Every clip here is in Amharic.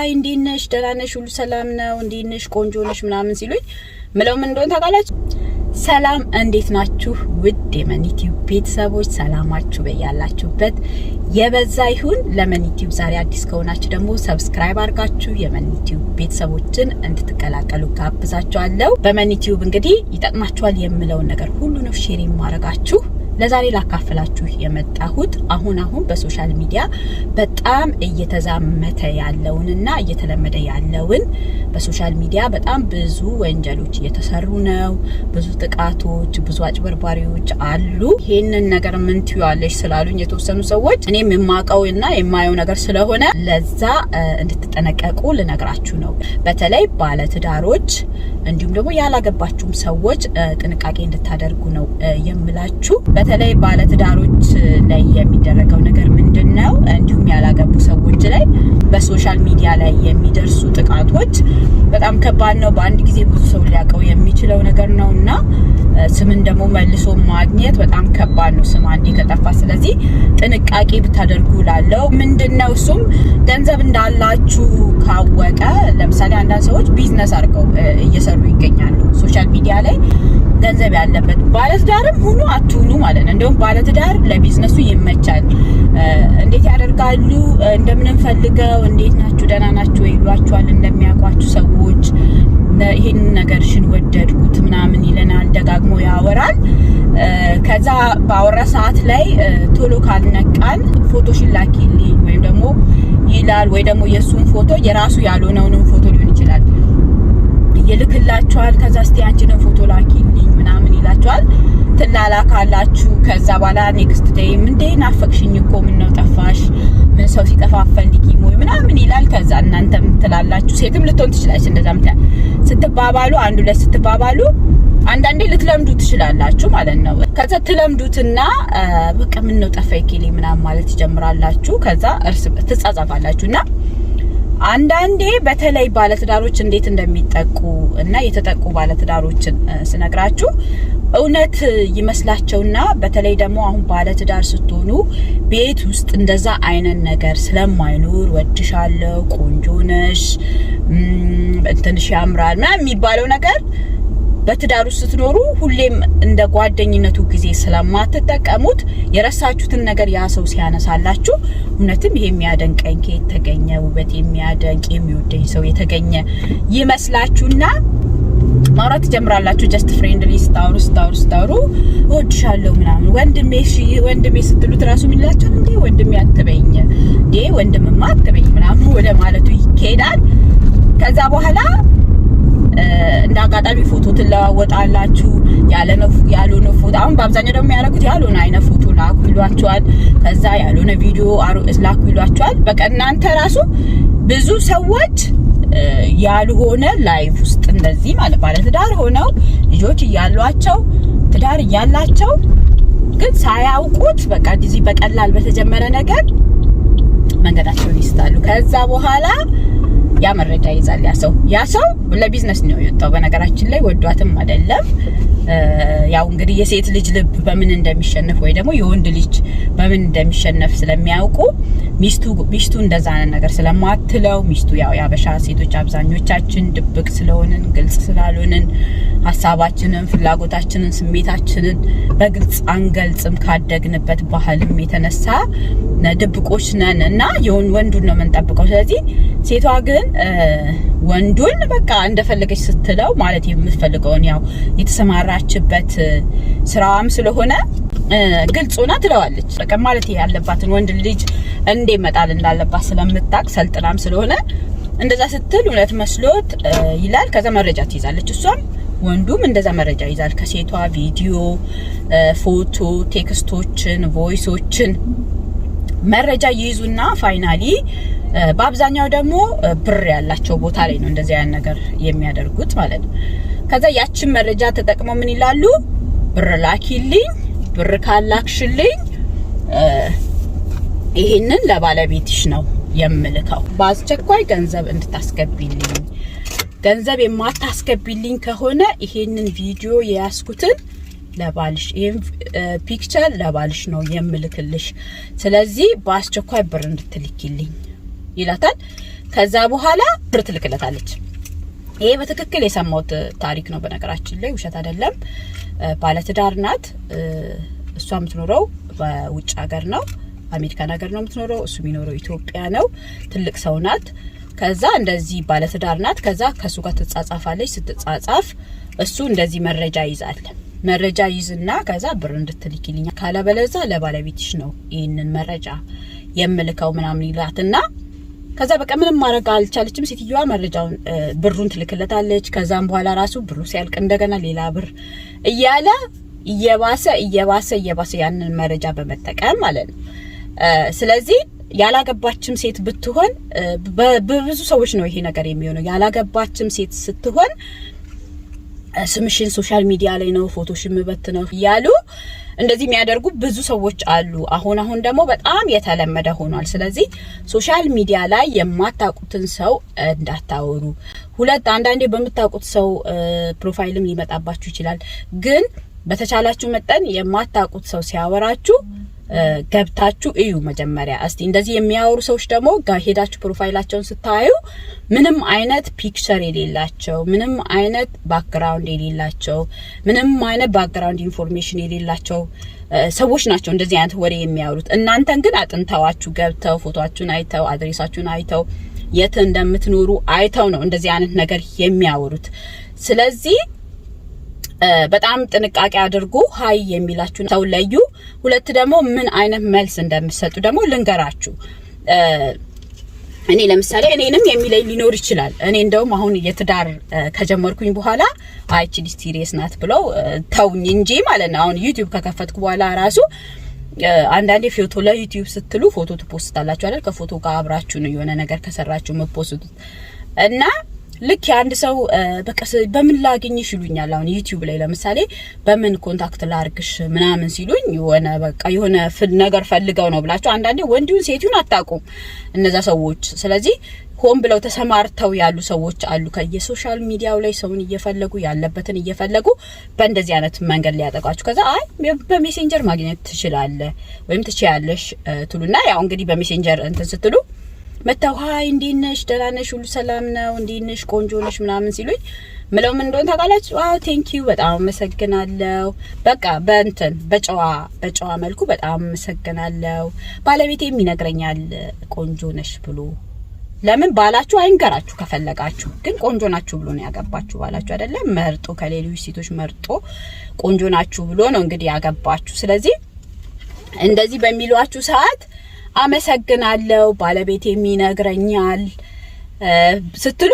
አይ እንዴት ነሽ? ደህና ነሽ? ሁሉ ሰላም ነው? እንዴት ነሽ? ቆንጆ ነሽ? ምናምን ሲሉኝ ምለው ምን እንደሆነ ታውቃላችሁ? ሰላም እንዴት ናችሁ? ውድ የመን ዩቲዩብ ቤተሰቦች ሰላማችሁ በያላችሁበት የበዛ ይሁን። ለመን ዩቲዩብ ዛሬ አዲስ ከሆናችሁ ደግሞ ሰብስክራይብ አድርጋችሁ የመን ዩቲዩብ ቤተሰቦችን እንድትቀላቀሉ ጋብዛችኋለሁ። በመን ዩቲዩብ እንግዲህ ይጠቅማችኋል የምለውን ነገር ሁሉንም ሼር ማድረጋችሁ ለዛሬ ላካፍላችሁ የመጣሁት አሁን አሁን በሶሻል ሚዲያ በጣም እየተዛመተ ያለውንና እየተለመደ ያለውን በሶሻል ሚዲያ በጣም ብዙ ወንጀሎች እየተሰሩ ነው። ብዙ ጥቃቶች፣ ብዙ አጭበርባሪዎች አሉ። ይህንን ነገር ምን ትያለሽ ስላሉኝ የተወሰኑ ሰዎች እኔም የማውቀውና የማየው ነገር ስለሆነ ለዛ እንድትጠነቀቁ ልነግራችሁ ነው። በተለይ ባለትዳሮች እንዲሁም ደግሞ ያላገባችሁም ሰዎች ጥንቃቄ እንድታደርጉ ነው የምላችሁ። በተለይ ባለትዳሮች ላይ የሚደረገው ነገር ምንድን ነው? እንዲሁም ያላገቡ ሰዎች ላይ በሶሻል ሚዲያ ላይ የሚደርሱ ጥቃቶች በጣም ከባድ ነው። በአንድ ጊዜ ብዙ ሰው ሊያውቀው የሚችለው ነገር ነው እና ስምን ደግሞ መልሶ ማግኘት አንዴ ከጠፋ። ስለዚህ ጥንቃቄ ብታደርጉ ላለው ምንድን ነው እሱም ገንዘብ እንዳላችሁ ካወቀ ለምሳሌ አንዳንድ ሰዎች ቢዝነስ አድርገው እየሰሩ ይገኛሉ ሶሻል ሚዲያ ላይ ገንዘብ ያለበት ባለትዳርም ሁኑ አትሁኑ ማለት ነው። እንደውም ባለትዳር ለቢዝነሱ ይመቻል። እንዴት ያደርጋሉ? እንደምንፈልገው እንዴት ናችሁ? ደህና ናችሁ ይሏችኋል። እንደሚያውቋችሁ ሰዎች ነገር ሽን ወደድኩት ምናምን ይለናል፣ ደጋግሞ ያወራል። ከዛ በአወራ ሰዓት ላይ ቶሎ ካልነቃን ፎቶሽን ላኪልኝ ወይም ደግሞ ይላል ወይ ደግሞ የእሱን ፎቶ የራሱ ያልሆነውንም ፎቶ ሊሆን ይችላል ይልክላችኋል። ከዛ እስቲ አንቺንም ፎቶ ላኪልኝ ምናምን ይላችኋል። ትላላካላችሁ። ከዛ በኋላ ኔክስት ደይም እንዴ ናፈቅሽኝ እኮ ምን ነው ጠፋሽ? ምን ሰው ሲጠፋ ፈልጊም ወይ ምናምን ይላል። ከዛ እናንተም ትላላችሁ። ሴትም ልትሆን ትችላለች። እንደዛም ስትባባሉ አንዱ ላይ ስትባባሉ አንዳንዴ ልትለምዱ ትችላላችሁ ማለት ነው። ከዛ ትለምዱትና በቃ ነው ጠፋ ኬሌ ምናምን ማለት ትጀምራላችሁ። ከዛ እርስ ትጻጻፋላችሁ እና አንዳንዴ በተለይ ባለትዳሮች እንዴት እንደሚጠቁ እና የተጠቁ ባለትዳሮችን ስነግራችሁ እውነት ይመስላቸውና በተለይ ደግሞ አሁን ባለትዳር ስትሆኑ ቤት ውስጥ እንደዛ አይነት ነገር ስለማይኖር ወድሻለሁ፣ ቆንጆ ነሽ፣ እንትንሽ ያምራል ምናምን የሚባለው ነገር በትዳሩ ስትኖሩ ሁሌም እንደ ጓደኝነቱ ጊዜ ስለማትጠቀሙት የረሳችሁትን ነገር ያ ሰው ሲያነሳላችሁ እውነትም ይሄ የሚያደንቀኝ ከየት ተገኘ፣ ውበት የሚያደንቅ የሚወደኝ ሰው የተገኘ ይመስላችሁና ማውራት ትጀምራላችሁ። ጀስት ፍሬንድሊ ስታውሩ ስታውሩ ስታውሩ እወድሻለሁ ምናምን ወንድሜ ሺ ወንድሜ ስትሉት ራሱ የሚላቸው እንዴ ወንድሜ አትበይኝ እንዴ ወንድምማ አትበይኝ ምናምን ወደ ማለቱ ይካሄዳል። ከዛ በኋላ እንደ አጋጣሚ ፎቶ ትለዋወጣላችሁ። ያልሆነ ፎቶ አሁን በአብዛኛው ደግሞ ያደረጉት ያልሆነ አይነት ፎቶ ላኩ ይሏችኋል። ከዛ ያልሆነ ቪዲዮ ላኩ ይሏችኋል። በቃ እናንተ ራሱ ብዙ ሰዎች ያልሆነ ላይፍ ውስጥ እንደዚህ ማለት ባለትዳር ሆነው ልጆች እያሏቸው ትዳር እያላቸው ግን ሳያውቁት በቃ እዚህ በቀላል በተጀመረ ነገር መንገዳቸውን ይስታሉ። ከዛ በኋላ ያ መረጃ ይዛል ያ ሰው ያ ሰው ለቢዝነስ ነው የወጣው። በነገራችን ላይ ወዷትም አይደለም ያው እንግዲህ የሴት ልጅ ልብ በምን እንደሚሸነፍ ወይ ደግሞ የወንድ ልጅ በምን እንደሚሸነፍ ስለሚያውቁ ሚስቱ ሚስቱ እንደዛ አይነት ነገር ስለማትለው ሚስቱ ያው የአበሻ ሴቶች አብዛኞቻችን ድብቅ ስለሆንን ግልጽ ስላልሆንን ሀሳባችንን፣ ፍላጎታችንን፣ ስሜታችንን በግልጽ አንገልጽም ካደግንበት ባህልም የተነሳ ድብቆች ነን እና ወንዱን ነው የምንጠብቀው። ስለዚህ ሴቷ ግን ወንዱን በቃ እንደፈለገች ስትለው ማለት የምትፈልገውን ያው የተሰማራችበት ስራዋም ስለሆነ ግልጽ ሆና ትለዋለች። በቃ ማለት ያለባትን ወንድ ልጅ እንዴ መጣል እንዳለባት ስለምታቅ ሰልጥናም ስለሆነ እንደዛ ስትል እውነት መስሎት ይላል። ከዛ መረጃ ትይዛለች እሷም ወንዱም እንደዛ መረጃ ይዛል። ከሴቷ ቪዲዮ፣ ፎቶ፣ ቴክስቶችን፣ ቮይሶችን መረጃ ይይዙና ፋይናሊ በአብዛኛው ደግሞ ብር ያላቸው ቦታ ላይ ነው እንደዚህ አይነት ነገር የሚያደርጉት ማለት ነው። ከዛ ያችን መረጃ ተጠቅመው ምን ይላሉ? ብር ላኪልኝ፣ ብር ካላክሽልኝ ይህንን ለባለቤትሽ ነው የምልከው፣ በአስቸኳይ ገንዘብ እንድታስገቢልኝ፣ ገንዘብ የማታስገቢልኝ ከሆነ ይሄንን ቪዲዮ የያዝኩትን ለባልሽ ይህም ፒክቸር ለባልሽ ነው የምልክልሽ። ስለዚህ በአስቸኳይ ብር እንድትልኪልኝ ይላታል። ከዛ በኋላ ብር ትልክለታለች። ይሄ በትክክል የሰማሁት ታሪክ ነው። በነገራችን ላይ ውሸት አይደለም። ባለትዳር ናት። እሷ የምትኖረው በውጭ ሀገር ነው፣ አሜሪካን ሀገር ነው የምትኖረው። እሱ የሚኖረው ኢትዮጵያ ነው። ትልቅ ሰው ናት። ከዛ እንደዚህ ባለትዳር ናት። ከዛ ከእሱ ጋር ትጻጻፋለች። ስትጻጻፍ እሱ እንደዚህ መረጃ ይዛል። መረጃ ይዝና ከዛ ብር እንድትልኪልኛ ካለበለዛ ለባለቤትሽ ነው ይህንን መረጃ የምልከው ምናምን ይላትና ከዛ በቃ ምንም ማድረግ አልቻለችም። ሴትዮዋ መረጃውን ብሩን ትልክለታለች። ከዛም በኋላ ራሱ ብሩ ሲያልቅ እንደገና ሌላ ብር እያለ እየባሰ እየባሰ እየባሰ ያንን መረጃ በመጠቀም ማለት ነው። ስለዚህ ያላገባችም ሴት ብትሆን በብዙ ሰዎች ነው ይሄ ነገር የሚሆነው። ያላገባችም ሴት ስትሆን ስምሽን ሶሻል ሚዲያ ላይ ነው ፎቶሽን ምበት ነው እያሉ እንደዚህ የሚያደርጉ ብዙ ሰዎች አሉ። አሁን አሁን ደግሞ በጣም የተለመደ ሆኗል። ስለዚህ ሶሻል ሚዲያ ላይ የማታውቁትን ሰው እንዳታወሩ። ሁለት አንዳንዴ በምታውቁት ሰው ፕሮፋይልም ሊመጣባችሁ ይችላል። ግን በተቻላችሁ መጠን የማታውቁት ሰው ሲያወራችሁ ገብታችሁ እዩ መጀመሪያ እስቲ። እንደዚህ የሚያወሩ ሰዎች ደግሞ ሄዳችሁ ፕሮፋይላቸውን ስታዩ ምንም አይነት ፒክቸር የሌላቸው፣ ምንም አይነት ባክግራውንድ የሌላቸው፣ ምንም አይነት ባክግራውንድ ኢንፎርሜሽን የሌላቸው ሰዎች ናቸው እንደዚህ አይነት ወሬ የሚያወሩት። እናንተን ግን አጥንተዋችሁ ገብተው ፎቶችሁን አይተው አድሬሳችሁን አይተው የት እንደምትኖሩ አይተው ነው እንደዚህ አይነት ነገር የሚያወሩት። ስለዚህ በጣም ጥንቃቄ አድርጉ። ሀይ የሚላችሁን ሰው ለዩ። ሁለት ደግሞ ምን አይነት መልስ እንደምሰጡ ደግሞ ልንገራችሁ። እኔ ለምሳሌ እኔንም የሚለኝ ሊኖር ይችላል። እኔ እንደውም አሁን የትዳር ከጀመርኩኝ በኋላ አይቺ ሲሪየስ ናት ብለው ተውኝ እንጂ ማለት ነው። አሁን ዩቲዩብ ከከፈትኩ በኋላ ራሱ አንዳንዴ ፎቶ ለዩቲዩብ ስትሉ ፎቶ ትፖስታላችሁ አይደል? ከፎቶ ጋር አብራችሁ ነው የሆነ ነገር ከሰራችሁ መፖስቱት እና ልክ የአንድ ሰው በቃ በምን ላገኝሽ ይሉኛል። አሁን ዩቲዩብ ላይ ለምሳሌ በምን ኮንታክት ላርግሽ ምናምን ሲሉኝ የሆነ በቃ የሆነ ነገር ፈልገው ነው ብላቸው። አንዳንዴ ወንዲሁን ሴቲሁን አታውቁም እነዛ ሰዎች። ስለዚህ ሆን ብለው ተሰማርተው ያሉ ሰዎች አሉ። ከየሶሻል ሚዲያው ላይ ሰውን እየፈለጉ ያለበትን እየፈለጉ በእንደዚህ አይነት መንገድ ሊያጠቃችሁ፣ ከዛ አይ በሜሴንጀር ማግኘት ትችላለህ ወይም ትችያለሽ ትሉና ያው እንግዲህ በሜሴንጀር እንትን ስትሉ መጥተው ሀይ እንዴት ነሽ፣ ደህና ነሽ፣ ሁሉ ሰላም ነው፣ እንዴት ነሽ፣ ቆንጆ ነሽ ምናምን ሲሉኝ ምለው ምን እንደሆነ ታውቃላችሁ? አዎ ዩ በጣም አመሰግናለሁ። በቃ በእንትን በጨዋ በጨዋ መልኩ በጣም አመሰግናለሁ። ባለቤቴም ይነግረኛል ቆንጆ ነሽ ብሎ ለምን ባላችሁ አይንገራችሁ። ከፈለጋችሁ ግን ቆንጆ ናችሁ ብሎ ነው ያገባችሁ። ባላችሁ አይደለም መርጦ ከሌሎች ሴቶች መርጦ ቆንጆ ናችሁ ብሎ ነው እንግዲህ ያገባችሁ። ስለዚህ እንደዚህ በሚሏችሁ ሰዓት አመሰግናለሁ፣ ባለቤት የሚነግረኛል ስትሉ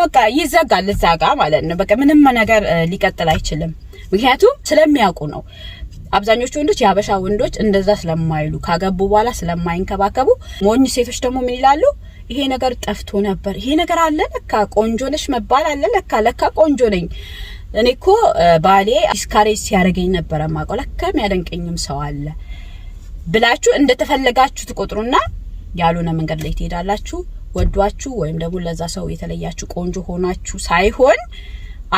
በቃ ይዘጋል እዛ ጋ ማለት ነው። በቃ ምንም ነገር ሊቀጥል አይችልም። ምክንያቱም ስለሚያውቁ ነው። አብዛኞቹ ወንዶች የሀበሻ ወንዶች እንደዛ ስለማይሉ ካገቡ በኋላ ስለማይንከባከቡ፣ ሞኝ ሴቶች ደግሞ ምን ይላሉ? ይሄ ነገር ጠፍቶ ነበር፣ ይሄ ነገር አለ ለካ፣ ቆንጆ ነሽ መባል አለ ለካ፣ ለካ ቆንጆ ነኝ እኔ እኮ ባሌ ዲስካሬጅ ሲያደርገኝ ነበረ ማውቀው፣ ለካ የሚያደንቀኝም ሰው አለ ብላችሁ እንደተፈለጋችሁ ትቆጥሩና ያልሆነ መንገድ ላይ ትሄዳላችሁ። ወዷችሁ ወይም ደግሞ ለዛ ሰው የተለያችሁ ቆንጆ ሆናችሁ ሳይሆን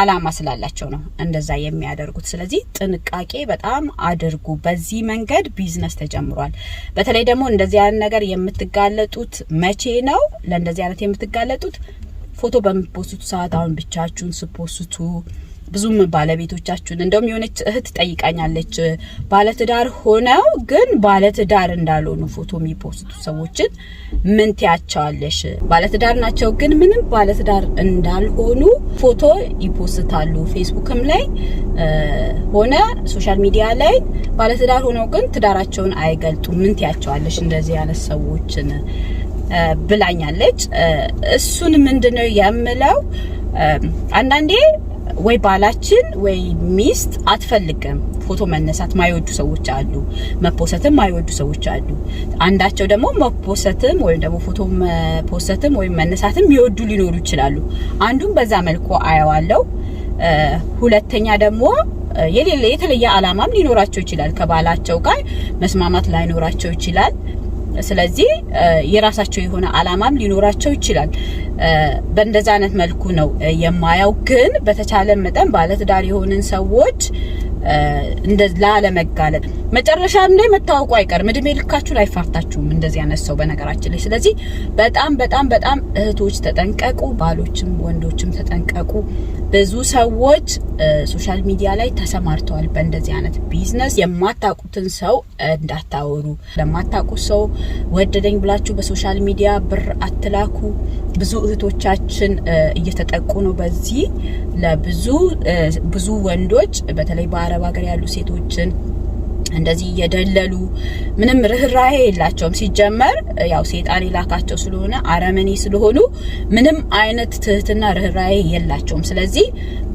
አላማ ስላላቸው ነው እንደዛ የሚያደርጉት። ስለዚህ ጥንቃቄ በጣም አድርጉ። በዚህ መንገድ ቢዝነስ ተጀምሯል። በተለይ ደግሞ እንደዚህ አይነት ነገር የምትጋለጡት መቼ ነው? ለእንደዚህ አይነት የምትጋለጡት ፎቶ በምትፖስቱ ሰዓት አሁን ብቻችሁን ስፖስቱ ብዙም ባለቤቶቻችሁን እንደውም የሆነች እህት ጠይቃኛለች። ባለትዳር ሆነው ግን ባለትዳር እንዳልሆኑ ፎቶ የሚፖስቱ ሰዎችን ምን ትያቸዋለሽ? ባለትዳር ናቸው ግን ምንም ባለትዳር እንዳልሆኑ ፎቶ ይፖስታሉ። ፌስቡክም ላይ ሆነ ሶሻል ሚዲያ ላይ ባለትዳር ሆነው ግን ትዳራቸውን አይገልጡም። ምን ትያቸዋለሽ እንደዚህ አይነት ሰዎችን ብላኛለች። እሱን ምንድነው የምለው አንዳንዴ ወይ ባላችን ወይ ሚስት አትፈልግም። ፎቶ መነሳት ማይወዱ ሰዎች አሉ፣ መፖሰትም ማይወዱ ሰዎች አሉ። አንዳቸው ደግሞ መፖሰትም ወይም ደግሞ ፎቶ መፖሰትም ወይም መነሳትም ይወዱ ሊኖሩ ይችላሉ። አንዱም በዛ መልኩ አየዋለው። ሁለተኛ ደግሞ የሌለ የተለየ አላማም ሊኖራቸው ይችላል። ከባላቸው ጋር መስማማት ላይኖራቸው ይችላል። ስለዚህ የራሳቸው የሆነ አላማም ሊኖራቸው ይችላል። በእንደዛ አይነት መልኩ ነው የማያው። ግን በተቻለ መጠን ባለትዳር የሆንን ሰዎች ላለመጋለጥ መጨረሻ ላይ መታወቁ አይቀርም። እድሜ ልካችሁን አይፋርታችሁም እንደዚህ ያነሰው በነገራችን ላይ። ስለዚህ በጣም በጣም በጣም እህቶች ተጠንቀቁ፣ ባሎችም ወንዶችም ተጠንቀቁ። ብዙ ሰዎች ሶሻል ሚዲያ ላይ ተሰማርተዋል በእንደዚህ አይነት ቢዝነስ። የማታውቁትን ሰው እንዳታወሩ፣ ለማታውቁት ሰው ወደደኝ ብላችሁ በሶሻል ሚዲያ ብር አትላኩ። ብዙ እህቶቻችን እየተጠቁ ነው በዚህ ለብዙ ብዙ ወንዶች በተለይ አረብ ሀገር ያሉ ሴቶችን እንደዚህ እየደለሉ ምንም ርህራሄ የላቸውም። ሲጀመር ያው ሴጣን የላካቸው ስለሆነ አረመኔ ስለሆኑ ምንም አይነት ትህትና፣ ርኅራሄ የላቸውም። ስለዚህ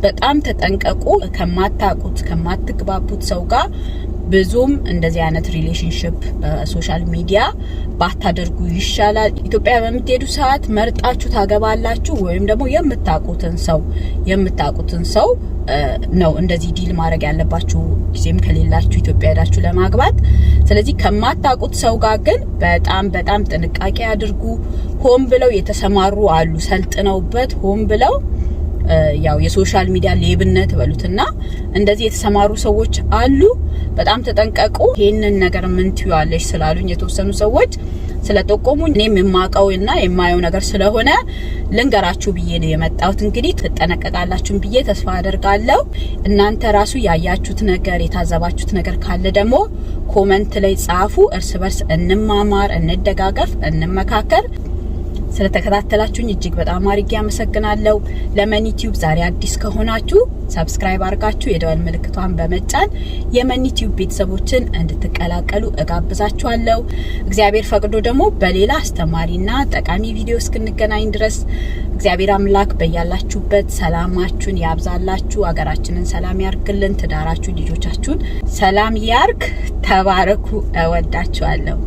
በጣም ተጠንቀቁ። ከማታቁት ከማትግባቡት ሰው ጋር ብዙም እንደዚህ አይነት ሪሌሽንሽፕ በሶሻል ሚዲያ ባታደርጉ ይሻላል። ኢትዮጵያ በምትሄዱ ሰዓት መርጣችሁ ታገባላችሁ ወይም ደግሞ የምታቁትን ሰው የምታውቁትን ሰው uh, ነው እንደዚህ ዲል ማድረግ ያለባችሁ ጊዜም ከሌላችሁ ኢትዮጵያ ሄዳችሁ ለማግባት። ስለዚህ ከማታቁት ሰው ጋር ግን በጣም በጣም ጥንቃቄ አድርጉ። ሆን ብለው የተሰማሩ አሉ፣ ሰልጥነውበት ሆን ብለው ያው የሶሻል ሚዲያ ሌብነት በሉትና እንደዚህ የተሰማሩ ሰዎች አሉ። በጣም ተጠንቀቁ። ይህንን ነገር ምን ትያለሽ ስላሉኝ የተወሰኑ ሰዎች ስለጠቆሙኝ እኔም የማውቀውና የማየው ነገር ስለሆነ ልንገራችሁ ብዬ ነው የመጣሁት። እንግዲህ ትጠነቀቃላችሁን ብዬ ተስፋ አደርጋለሁ። እናንተ ራሱ ያያችሁት ነገር የታዘባችሁት ነገር ካለ ደግሞ ኮመንት ላይ ጻፉ። እርስ በርስ እንማማር፣ እንደጋገፍ፣ እንመካከል። ስለተከታተላችሁኝ እጅግ በጣም አድርጌ አመሰግናለሁ። ለመን ዩቲዩብ ዛሬ አዲስ ከሆናችሁ ሰብስክራይብ አድርጋችሁ የደወል ምልክቷን በመጫን የመን ዩቲዩብ ቤተሰቦችን እንድትቀላቀሉ እጋብዛችኋለሁ። እግዚአብሔር ፈቅዶ ደግሞ በሌላ አስተማሪና ጠቃሚ ቪዲዮ እስክንገናኝ ድረስ እግዚአብሔር አምላክ በያላችሁበት ሰላማችሁን ያብዛላችሁ፣ አገራችንን ሰላም ያርግልን፣ ትዳራችሁ ልጆቻችሁን ሰላም ያርግ። ተባረኩ። እወዳችኋለሁ።